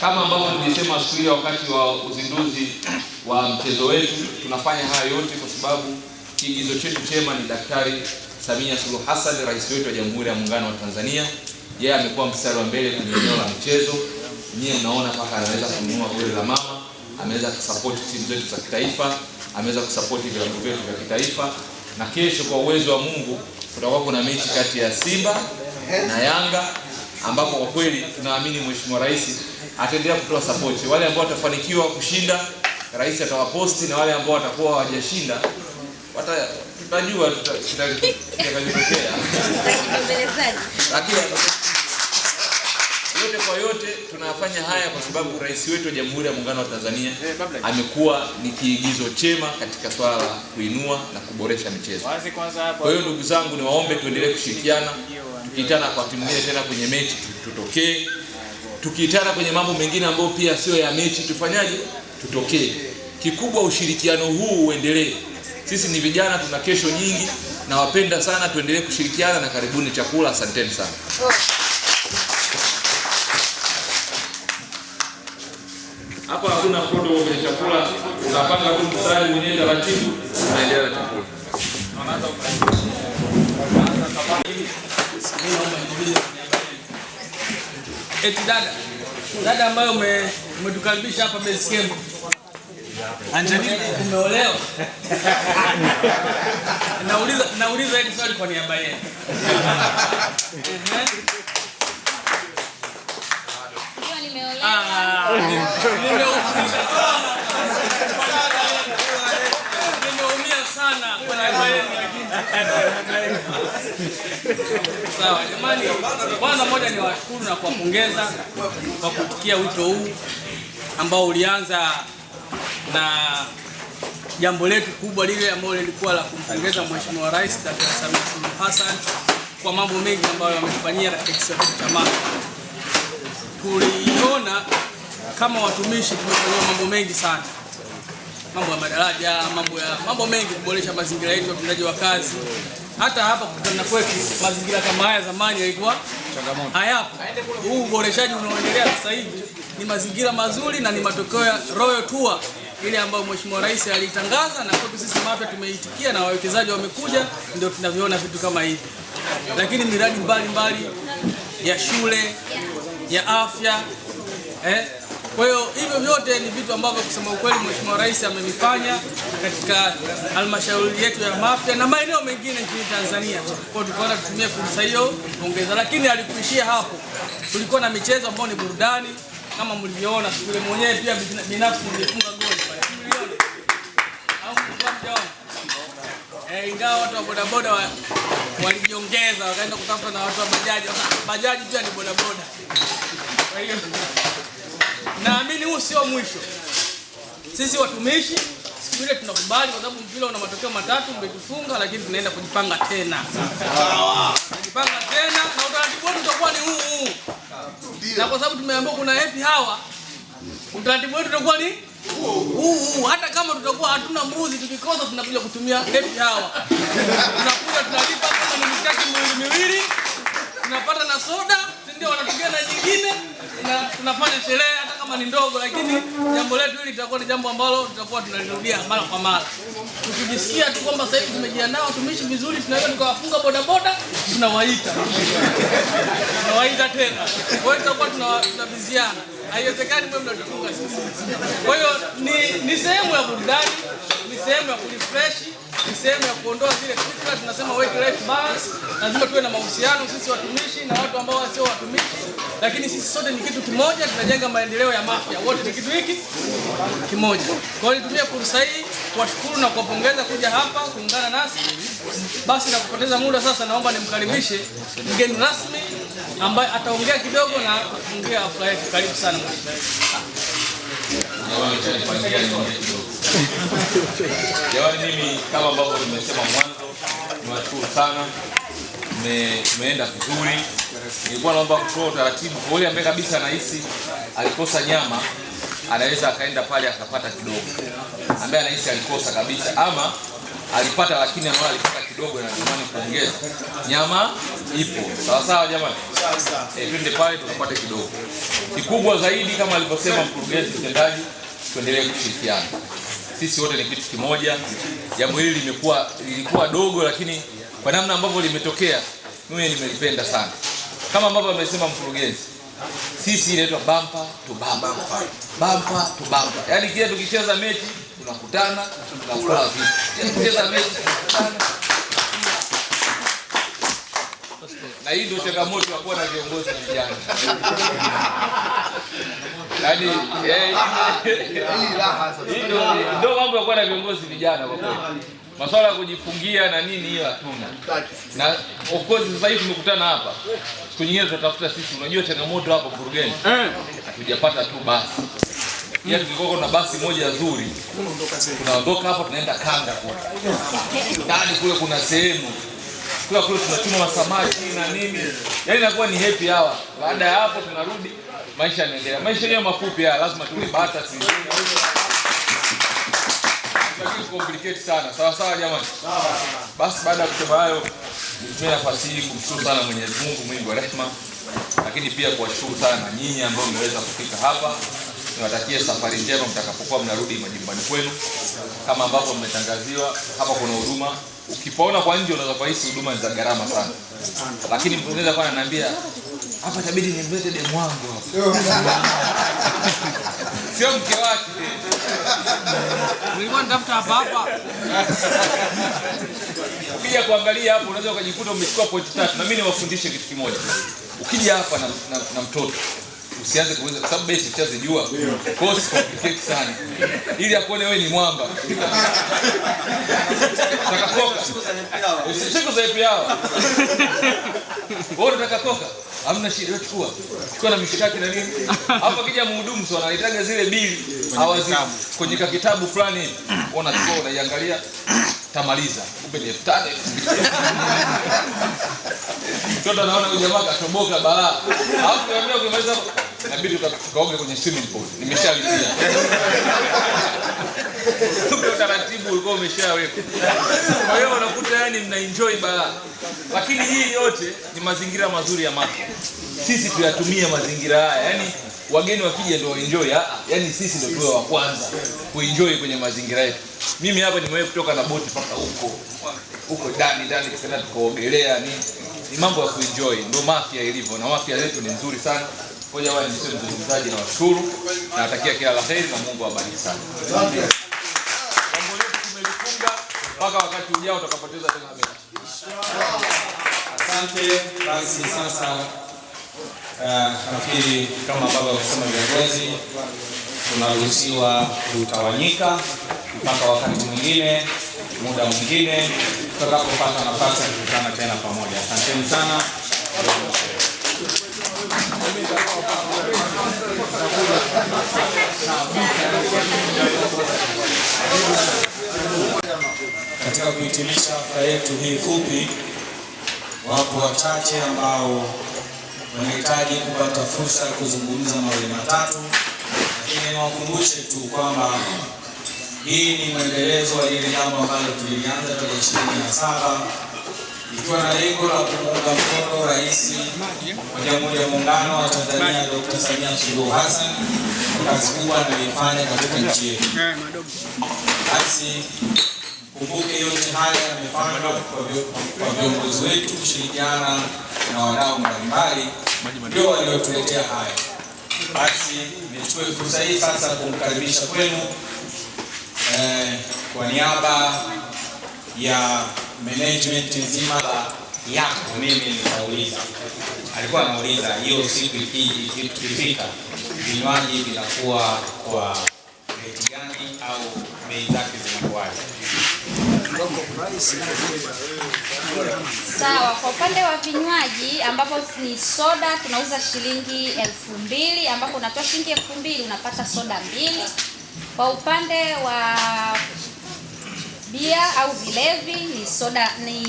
kama ambavyo tulisema siku ile wakati wa uzinduzi wa mchezo wetu, tunafanya haya yote kwa sababu kiigizo chetu chema ni Daktari Samia Suluhu Hassan, rais wetu wa Jamhuri ya Muungano wa Tanzania. Yeye yeah, amekuwa mstari wa mbele kwenye eneo la mchezo. Nyie mnaona mpaka anaweza kununua goli la mama, ameweza kusapoti timu zetu za kitaifa, ameweza kusapoti vilabu vyetu vya kitaifa, na kesho kwa uwezo wa Mungu kutakuwa kuna mechi kati ya Simba na Yanga ambapo kwa kweli tunaamini Mheshimiwa Rais ataendelea kutoa support. Wale ambao watafanikiwa kushinda, rais atawaposti, na wale ambao watakuwa hawajashinda tutajua kitakachotokea, lakini yote kwa yote tunafanya haya kwa sababu rais wetu wa Jamhuri ya Muungano wa Tanzania amekuwa ni kiigizo chema katika swala la kuinua na kuboresha michezo. Kwa hiyo ndugu zangu, niwaombe tuendelee kushirikiana tukiitana kwa timu nyingine tena kwenye mechi tutokee, tukiitana kwenye mambo mengine ambayo pia sio ya mechi tufanyaje, tutokee. Kikubwa ushirikiano huu uendelee. Sisi ni vijana, tuna kesho nyingi. Nawapenda sana, tuendelee kushirikiana na karibuni chakula. Asanteni sana. Hapa hakuna kwenye chakula, unapanga tu mstari mwenyewe taratibu, unaendelea. Eti dada dada ambayo umetukaribisha hapa Besikembo, Angelina, umeolewa? Nauliza, nauliza hili swali kwa niaba yenu. Ndio, nimeolewa. Ah, Sawa jamani, kwanza moja ni washukuru na kuwapongeza kwa kutikia wito huu ambao ulianza na jambo letu kubwa lile ambalo lilikuwa la kumpongeza Mheshimiwa Rais Dr. Samia Suluhu Hassan kwa mambo mengi ambayo wamefanyia katika kisiwa cha Mara. Tuliona kama watumishi tumefanyiwa mambo mengi sana mambo ya madaraja, mambo ya mambo mengi, kuboresha mazingira yetu ya utendaji wa kazi. Hata hapa kukutana kwetu, mazingira kama haya zamani yalikuwa changamoto, hayapo. Huu uboreshaji unaoendelea sasa hivi ni mazingira mazuri na ni matokeo ya Royal Tour ile ambayo Mheshimiwa Rais alitangaza, na kwetu sisi mapya tumeitikia na wawekezaji wamekuja, ndio tunavyoona vitu kama hivi. Lakini miradi mbalimbali mbali, ya shule ya afya eh, kwa hiyo hivyo vyote ni vitu ambavyo kusema ukweli Mheshimiwa Rais amevifanya katika halmashauri yetu ya Mafia na maeneo mengine nchini Tanzania. Kwa hiyo tukaona tutumie fursa hiyo kuongeza, lakini alikuishia hapo. Tulikuwa na michezo ambayo ni burudani kama mlivyoona, shule mwenyewe pia binafsi nilifunga goli pale, eh, ingawa watu wa bodaboda walijiongeza wakaenda kutafuta na watu wa bajaji. Bajaji pia ni bodaboda, kwa hiyo Naamini huu sio mwisho. Sisi watumishi siku ile tunakubali, kwa sababu mpira una matokeo matatu, mmetufunga, lakini tunaenda kujipanga tena, kujipanga tena, na utaratibu wetu utakuwa ni huu huu, na kwa sababu tumeambiwa kuna happy hawa, utaratibu wetu utakuwa ni huu. huu. Hata kama tutakuwa hatuna mbuzi, tukikosa tunakuja kutumia happy hawa, tunakuja tunalipa kama ni mishaki miwili miwili, tunapata na soda, si ndio? Wanatokea na nyingine, tunafanya sherehe kama ni ndogo, lakini jambo letu hili litakuwa ni jambo ambalo tutakuwa tunalirudia mara kwa mara. Tukijisikia tu kwamba sasa hivi tumejiandaa, tumishi vizuri, tunaweza tukawafunga bodaboda, tunawaita tunawaita tena. Kwa hiyo tutakuwa tunabiziana, haiwezekani mwe mnatufunga sisi. Kwa hiyo ni, ni sehemu ya burudani, ni sehemu ya kurefresh ni sehemu ya kuondoa zile fikra tunasema work life balance. Lazima tuwe na mahusiano sisi watumishi na watu ambao sio watumishi lakini sisi sote ni kitu kimoja, tunajenga maendeleo ya Mafia, wote ni kitu hiki kimoja. Kwa hiyo nitumie fursa hii kuwashukuru na kuwapongeza kuja hapa kuungana nasi. Basi na kupoteza muda sasa, naomba nimkaribishe mgeni rasmi ambaye ataongea kidogo na kufungia hafla yetu. Karibu sana. Jamani, mimi kama ambavyo nimesema mwanzo, niwashukuru sana, tumeenda vizuri nilikuwa naomba kutoa utaratibu kwa yule ambaye kabisa anahisi alikosa nyama, anaweza akaenda pale akapata kidogo. Ambaye anahisi alikosa kabisa ama alipata lakini ambaye alipata kidogo na natamani kuongeza nyama, ipo sawa sawa, jamani, e, twende pale tukapate kidogo. Kikubwa zaidi kama alivyosema mkurugenzi mtendaji, tuendelee kushirikiana sisi wote ni kitu kimoja. Jambo hili limekuwa lilikuwa dogo, lakini kwa namna ambavyo limetokea mimi nimelipenda sana kama ambavyo amesema mkurugenzi, sisi inaitwa bampa to bampa, bampa to bampa. Yani kile tukicheza mechi tunakutana tunakula vitu, tukicheza mechi tunakutana. Na hii ndio changamoto ya kuwa na viongozi vijana. Yaani eh, hii ndio mambo ya kuwa na viongozi vijana kwa kweli. Masuala ya kujifungia na nini hiyo hatuna. Na of course sasa hivi tumekutana hapa. Siku nyingine tutatafuta sisi, unajua changamoto hapo mkurugenzi eh. Hatujapata tu basi. ya tukikoko na basi moja nzuri. Tunaondoka hapa tunaenda Kanga kule. Ndani kule kuna sehemu. Kula kule tunachuma masamaki na nini. Yaani inakuwa ni happy hawa. Baada ya hapo tunarudi maisha yanaendelea. Maisha yenyewe mafupi haya, lazima tule bata tuingie complicate sana. Sawa sawa jamani. Basi baada ya kusema hayo, nitoe nafasi hii kumshukuru sana Mwenyezi Mungu mwingi wa rehema, lakini pia kuwashukuru sana nyinyi ambao mmeweza kufika hapa. Niwatakie safari njema mtakapokuwa mnarudi majumbani kwenu. Kama ambavyo mmetangaziwa hapa, kuna huduma. Ukipaona kwa nje unaweza kuhisi huduma za gharama sana, lakini mtu anaweza ananiambia hapa, itabidi nimlete demu wangu hapa sio mke wake. Nilikuwa nitafuta hapa hapa. Ukija kuangalia hapo unaweza ukajikuta umechukua point tatu. Na mimi niwafundishe kitu kimoja. Ukija hapa na, na, na mtoto usianze kuweza kwa sababu basi ushazijua. Kosi complicated sana. Ili akuone wewe ni mwamba. takakoka Usiku za ipia. Wewe hamna shida, chukua chukua na mishikaki na nini hapo. Kija mhudumu sio anahitaji zile bili hawazi kwenye kitabu fulani, unachukua unaiangalia, tamaliza upe ni 5000 tota. Naona anaona jamaa katoboka balaa, alafu niambia ukimaliza inabidi tukaoge kwenye swimming pool, nimeshalipia utaratibu ulikuwa umeshawekwa. Kwa hiyo unakuta yani mnaenjoy balaa. Lakini hii yote ni mazingira mazuri ya Maka. Sisi tuyatumie mazingira haya, yani wageni wakija ndio enjoy. yani sisi ndio tuwe wa kwanza kuenjoi kwenye mazingira yetu. Mimi hapa nimewee kutoka na boti mpaka huko huko ndani ndani, tukaenda tukaogelea. Ni ni mambo ya kuenjoi ndio Mafia ilivyo, na Mafia yetu ni nzuri sana. Ngoja wao niseme mzungumzaji na washukuru, na natakia kila la heri na Mungu awabariki sana mpaka wakati ujao utakapoteza tena mechi. Asante. Basi sasa, uh, nafikiri kama baba alisema viongozi, tunaruhusiwa kutawanyika mpaka wakati mwingine, muda mwingine tutakapopata nafasi ya kukutana tena pamoja. Asanteni sana katika kuhitimisha hafla yetu hii fupi, wapo wachache ambao wanahitaji kupata fursa ya kuzungumza mawili matatu, lakini niwakumbushe tu kwamba hii ni mwendelezo wa ile jambo ambalo tulilianza tarehe ishirini na saba ikiwa na lengo la kumuunga mkono Rais wa Jamhuri ya Muungano wa Tanzania Dr. Samia Suluhu Hassan kwa kazi kubwa anayoifanya katika nchi yetu. Basi Kumbuke yote haya yamefanywa kwa viongozi wetu kushirikiana na wadau mbalimbali, ndio waliotuletea haya. Basi nichukue fursa hii sasa kumkaribisha kwenu eh, kwa niaba ya management nzima la yako. Mimi nitauliza, alikuwa anauliza hiyo siku ikifika vinywaji vinakuwa kwa bei gani au bei zake zinakuwaje? Sawa, kwa upande wa vinywaji ambapo ni soda tunauza shilingi elfu mbili ambapo unatoa shilingi elfu mbili unapata soda mbili. Kwa upande wa bia au vilevi ni soda ni